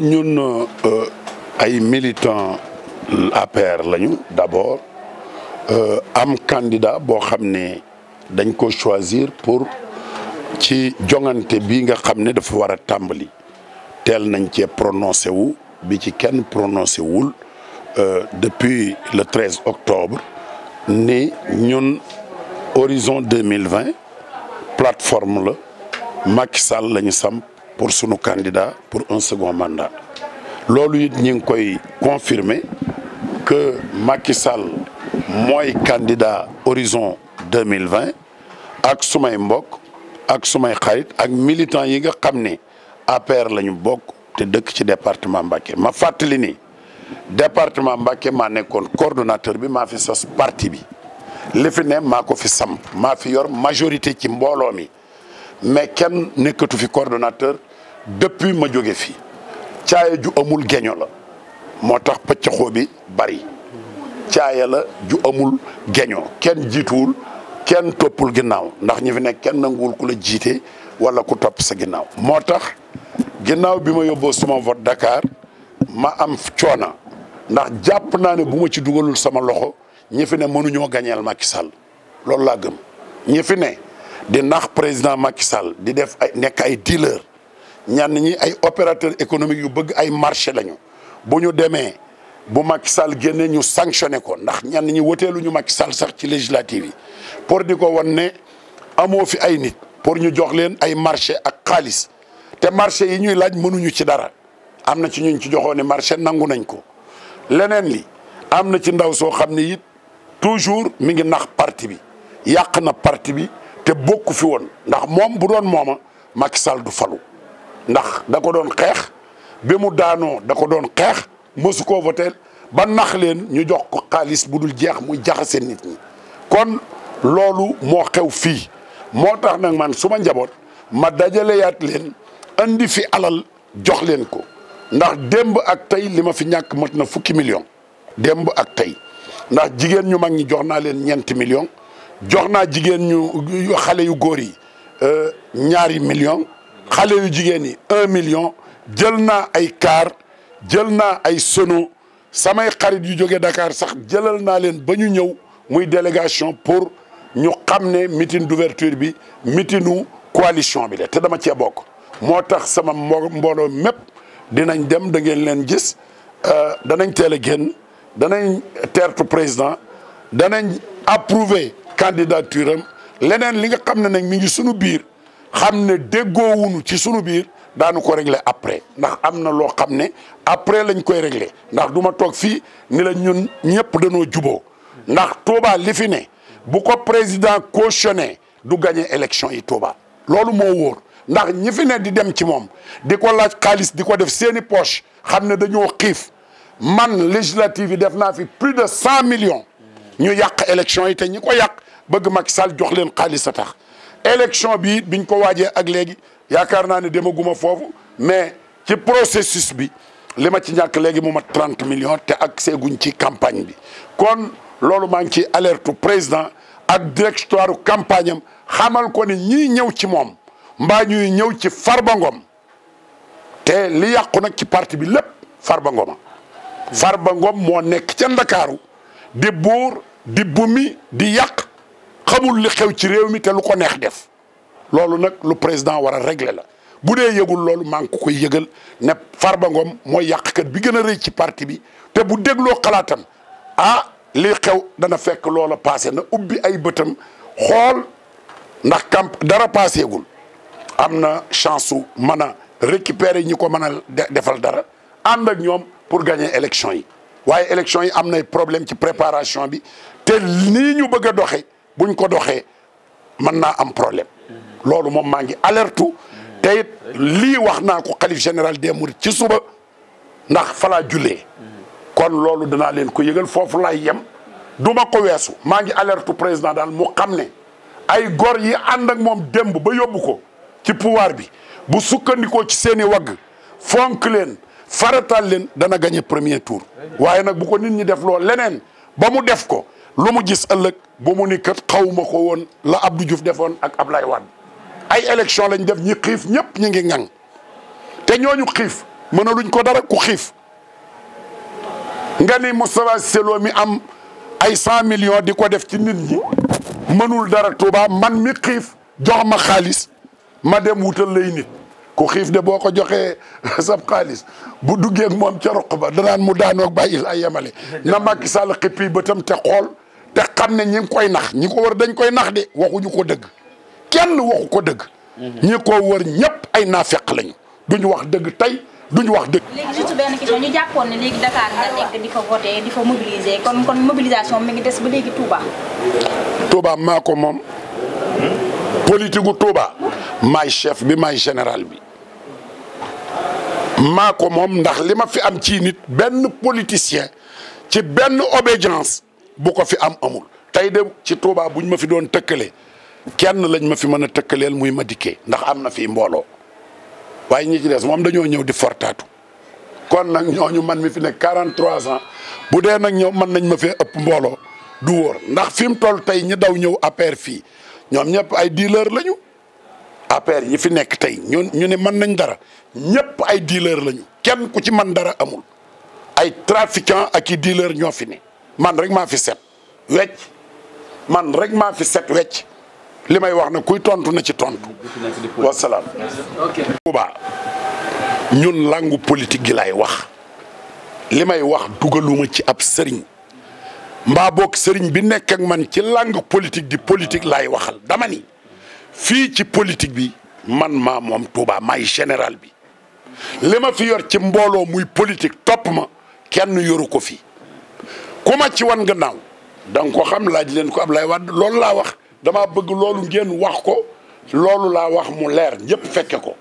ñun euh, ay militants APR lañu d'abord euh, am candidat boo xam ne dañ ko choisir pour ci jongante bi nga xam ne dafa war a tàmbali tel nañ cee prononcé wu bi ci kenn prononcé wul euh, depuis le 13 octobre ni ñun horizon 2020 plateforme la Macky lañu la samp pour sunu candidat pour un second mandat loolu it ñu ngi koy confirmer que Macky Sall mooy candidat horizon deux mille vingt ak sumay mbokk ak sumay xarit ak militant yi nga xam ni APR la ñu bokk te dëkk ci département Mbacké ma fàttali ni département Mbacké maa nekkoon coordonnateur bi maa fi sos parti bi li fi ko fi sam maa fi yor majorité ci mbooloo mi. mais kenn nekkatu fi coordonnateur depuis ma jóge fi caaya ju amul geño la moo tax pëccaxoo bi bari caaya la ju amul geño kenn jiituwul kenn toppul ginnaaw ndax ñi fi nekk kenn nanguwul ku la jiite wala ku topp sa ginnaaw moo tax ginnaaw bi ma yóbboo suma vote Dakar ma am coona ndax jàpp naa ne bu ma ci dugalul sama loxo ñi fi ne mënuñoo gañeel Macky Sall loolu laa gëm fi ne di nax président Macky Sall di def ay nekk ay dealer ñenn ñi ay opérateur économique yu bëgg ay marché lañu bu ñu demee bu Macky Sall génnee ñu sanctionné ko ndax ñenn ñi woteelu ñu Macky Sall sax ci législative yi pour di ko wan ne amoo fi ay nit pour ñu jox leen ay marché ak xaalis te marché yi ñuy laaj mënuñu ci dara am na ci ñuñ ci joxoon ne marché nangu nañ ko leneen li am na ci ndaw soo xam ne it toujours mi ngi nax parti bi yàq na parti bi te bokku fi woon ndax moom bu doon mooma Macky Sall du falu ndax dako doon xeex bi mu daanoo da ko doon xeex mësu koo voté ba nax leen ñu jox ko xaalis bu dul jeex muy jaxase nit ñi kon loolu moo xew fii moo tax nag man su njaboot ma dajaleyaat leen indi fi alal jox leen ko ndax démb ak tey li ma fi ñàkk mët na fukki million démb ak tey ndax jigéen ñu mag ñi jox naa leen ñeenti million jox naa jigéen ñu xale yu góor yi euh, ñaari million xale yu jigéen yi un million jël naa ay kaar jël naa ay sono samay xarit yu jóge Dakar sax jëlal naa leen ba ñu ñëw muy délégation pour ñu xam ne meeting d'ouverture bi meetingu coalition bi de te dama cee bokk moo tax sama mbooloo mépp dinañ dem da ngeen leen gis euh, danañ teel a génn danañ teertu président danañ approuver candidature am leneen li nga xam ne nag mi ngi sunu biir xam ne déggoowunu ci sunu biir daanu ko régler après ndax am na loo xam ne après lañ koy régler ndax du ma toog fii ni la ñun ñëpp dañoo juboo ndax Touba li fi ne bu ko président cautionné du gagné élection yi Touba loolu moo wóor ndax ñi fi ne di dem ci moom di ko laaj xaalis di ko def seeni poche xam ne dañoo xiif man législative yi def naa fi plus de cent millions ñu yàq élection yi te ñi ko yàq bëgg Macky Sall jox leen xaalis a tax élection bi it biñ ko waajee ak léegi yaakaar naa ne demaguma foofu mais ci processus bi li ma ci ñàkk léegi mu mat trente millions te ak seguñ ci campagne bi kon loolu maa ngi ci alerte président ak directoire campagne am xamal ko ni ñii ñëw ci moom mbaa ñuy ñëw ci Farba Ngom te li yàqu nag ci parti bi lépp Farba Ngoma Farba Ngom moo nekk ca Ndakaaru di buur di bumi di yàq xamul li xew ci réew mi te lu ko neex def loolu nag lu président war a régler la bu dee yëgul loolu maa ngi ko koy yëgal ne Farba Ngom mooy yàqkat bi gën a rëy ci parti bi te bu dégloo xalaatam ah lii xew dana fekk loola passé na ubbi ay bëtam xool ndax camp dara passeegul am na chance su mën a récupérer ñi ko mën a defal dara ànd ak ñoom pour gagner élection yi waaye élection yi am nay problème ci préparation bi te nii ñu bëgg a doxe buñ ko doxee mën naa am problème loolu moom maa ngi alerte te it lii wax naa ko xalif général des mourides ci suba ndax falaa jullee kon loolu danaa leen ko yëgal foofu laay yem du ma ko weesu maa ngi alerte président daal mu xam ne ay góor yi ànd ak moom démb ba yóbbu ko ci pouvoir bi bu sukkandikoo ci seen i wagg fonk leen faratal leen dana gagné premier tour waaye nag bu ko nit ñi def loolu leneen ba mu def ko lu mu gis ëllëg ba mu ni kat xawma ko woon la ab Abdou Diouf defoon ak Ablaye Wade ay élection lañ def ñi xiif ñëpp ñi ngi ŋang te ñooñu xiif luñ ko dara ku xiif nga ni Moustapha Seloo mi am ay cent millions di ko def ci nit ñi mënul dara Touba man mi xiif jox ma xaalis ma dem wutal lay nit ku xiif de boo ko joxee sab xaalis bu duggee ak moom ca roq ba danaan mu daanoog bàyyil ay yemale na Macky Sall xippi bëtam te xool te xam ne ñi ngi koy nax ñi ko wër dañ koy nax de waxuñu ko dëgg kenn waxu ko dëgg. Mhm. ñi ko wër ñépp ay naafeq lañu duñu wax dëgg tey. duñu wax dëgg. léegi juste kon mobilisation mi ngi des ba léegi Touba. Touba maa ko moom hmm? politique gu Touba hmm? maay chef bi maay général bi maa ko moom ndax li ma fi am ci nit benn politicien ci benn obédience bu ko fi am amul tey ci Touba buñ ma fi doon tëkkale kenn lañ ma fi mën a tëkkaleel muy Madické ndax am na fii mbooloo waaye ñi ci des moom dañoo ñëw di fortaatu kon nag man mi fi nekk 43 ans bu dee nag ñoom man nañ ma fee ëpp mbooloo du wóor ndax fi mu toll tey ñi daw ñëw APR fii ñoom ñëpp ay dealer lañu. APR ñi fi nekk tey ñun ñu ne mën nañ dara ñëpp ay dealer lañu kenn ku ci man dara amul ay trafiquant ak i dealer ñoo fi ne man rek maa fi set wecc man rek maa fi set wecc li may wax na kuy tontu na ci tontu wasalaam Touba ñun langu politique gi laay wax li may wax dugaluma ci ab sëriñ mbaa boog sëriñ bi nekk man ci langu politique di politique laay waxal dama ni fii ci politique bi man maa moom Touba may général bi li ma fi yor ci mbooloo muy politique topp ma kenn yoru ko fi ku ma wan nga naaw nga ko xam laaj leen ko lay Wade loolu laa wax damaa bëgg loolu ngeen wax ko loolu laa wax mu leer ñëpp fekke ko